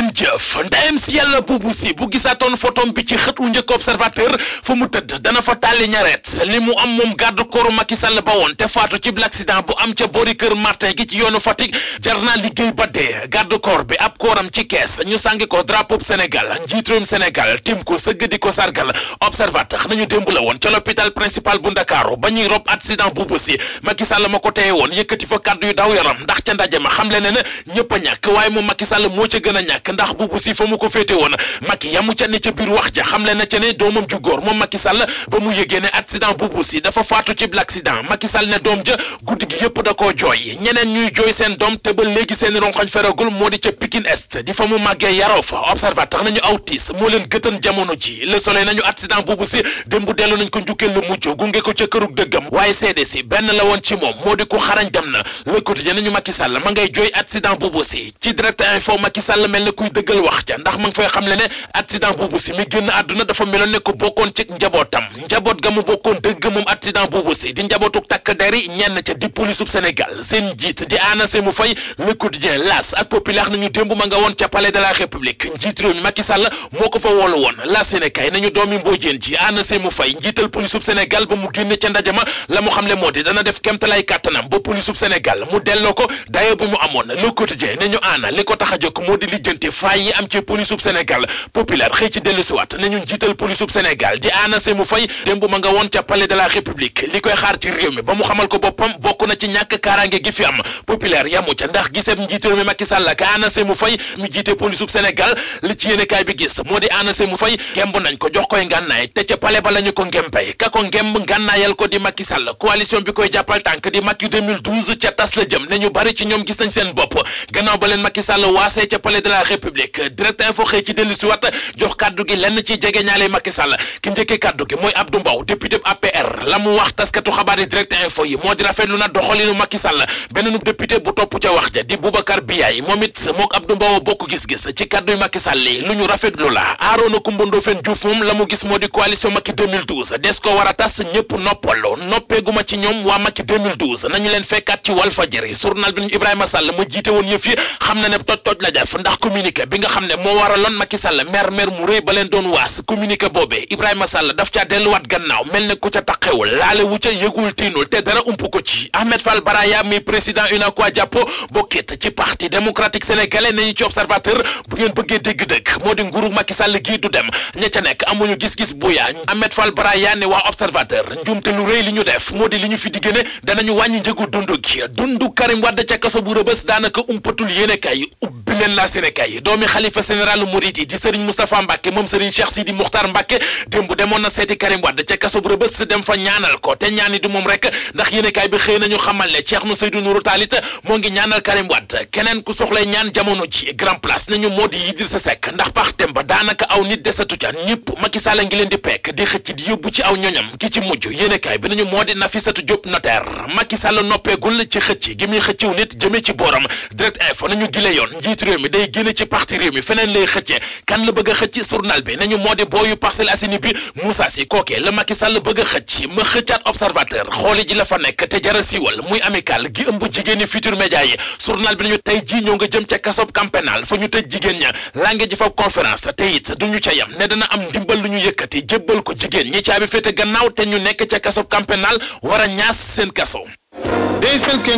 ngeen jëf ndeyem si yàlla buubu si bu gisaatoon photom bi ci xët wu njëkk observateur fa mu tëdd dana fa tàlli ñareet li mu am moom garde corps Macky ba woon te faatu ci l'accident bu am ca boori kër Martin gi ci yoonu Fatick jar naa liggéey ba dee garde corps bi ab kooram ci kees ñu sàngi ko drapeau Sénégal njiitum Sénégal tim ko sëgg di ko sargal observateur nañu démb la woon ca l'hôpital principal bu Ndakaaru ba ñuy rob accident buubu si Macky Sall ma ko teye woon yëkkati ma xam le ne a ñàkk waaye moom Macky Sall nekk ndax bu bu si fa mu ko féete woon Macky yamu ca ne ca biir wax ja xamle na ca ne doomam ju góor moom Macky Sall ba mu yëgee ne accident bu si dafa faatu ci l'accident Macky Sall ne doom ja guddi gi yëpp da koo jooy ñeneen ñuy jooy seen doom te ba léegi seen ronkoñ feragul moo di ca Pikine Est di fa mu màggee yaroo fa observateur nañu autis moo leen gëtan jamono ji Le Soleil nañu accident bu si dém dellu nañ ko njukkeel lu mujj gunge ko ca kuy dëggal wax ja ndax ma ngi fay xamle ne accident buubu si mi génn àdduna dafa meloon ne ko bokkoon ci njabootam njaboot ga mu bokkoon dëgg moom accident buubu si di njabootuk takk deri ñenn ca di police Sénégal seen njiit di anase mu la république njiit réew mu fay njiital police Sénégal ba mu génne ca ndajama la mu xamle moo di dana def kemtalay kàttanam ba police Sénégal mu delloo ko dayo bu mu amoon le quotidien nañu aana li ko tax a jóg moo di faay yi am ci police sub Sénégal populaire xëy ci dellu siwaat ne ñun jiital police sub Sénégal di Anna Sémou Faye démb ma nga woon ca palais de la République li koy xaar ci réew mi ba mu xamal ko boppam bokk na ci ñàkk kaaraange gi fi am populaire yamu ca ndax giseb njiital mi Macky Sall ak Anna Sémou Faye mi jiite police sub Sénégal li ci yéenekaay bi gis moo di Anna Sémou Faye gemb nañ ko jox koy ngànnaay te ca palais ba la ko ngempay ka ko ngemb ngànnaayal république direct info xëy ci dellu si wat jox kàddu gi lenn ci jege ñaale Macky Sall ki njëkkee kàddu gi mooy Abdou Mbow député APR la mu wax taskatu xabaar yi direct info yi moo di rafetlu na doxalinu Macky Sall beneen député bu topp ca wax ja di Boubacar Biaye moom it mook Abdou Mbow bokk gis-gis ci kàddu Macky Sall yi lu ñu rafetlu la Arona Coumba Ndoffène Diouf moom la mu gis moo di coalition Macky des ko war a tas ñëpp noppalu noppeeguma la def ndax communiqué bi nga xam ne moo waraloon Macky Sall mer mer mu rëy ba leen doon waas communiqué boobee Ibrahima Sall daf caa delluwaat gannaaw mel ne ku ca taqewul laale wu ca yëgul tiinul te dara ump ko ci Ahmed Fall Baraya mi président UNACOIS Jàppo bokkit ci parti démocratique sénégalais nañu ci observateur bu ngeen bëggee dégg-dëgg moo di nguuru Macky Sall du dem ña ca nekk amuñu gis-gis bu yaa Ahmed Fall Baraya ne waa observateur njuumte lu rëy li ñu def moo di Ndiaye doomi xalifa général mouride di sëriñ Moustapha Mbàkke moom sëriñ Cheikh Sidi Muxtaar Mbàkke démb demoon na seeti Karim Wade ca kaso bu Rëbës dem fa ñaanal ko te ñaani du moom rek ndax yéenekaay bi xëy nañu xamal ne Cheikh Seydou Nourou Taalit moo ngi ñaanal Karim keneen ku soxlay ñaan jamono ji grand place nañu moo di Idrissa ndax partem daanaka aw nit desatu ca ñëpp Macky ngi leen di pekk di xëcc yóbbu ci aw ñoñam ki ci mujj yéenekaay ci parti réew mi feneen lay xëccee kan la bëgg a xëcc journal bi nañu moo di booyu Parcelles Assainies bi Moussa Sy kookee la Macky Sall bëgg a xëcc ma xëccaat observateur xooli ji la fa nekk te jara siiwal muy amical gi ëmb jigéeni futur média yi journal bi nañu tey jii ñoo nga jëm ca kasob camp pénal fa ñu tëj jigéen ña lange ji fab conférence te it duñu ca yam ne dana am ndimbal lu ñu yëkkati jébbal ko jigéen ñi caabi féete gannaaw te ñu nekk ca kasob camp a ñaas seen kaso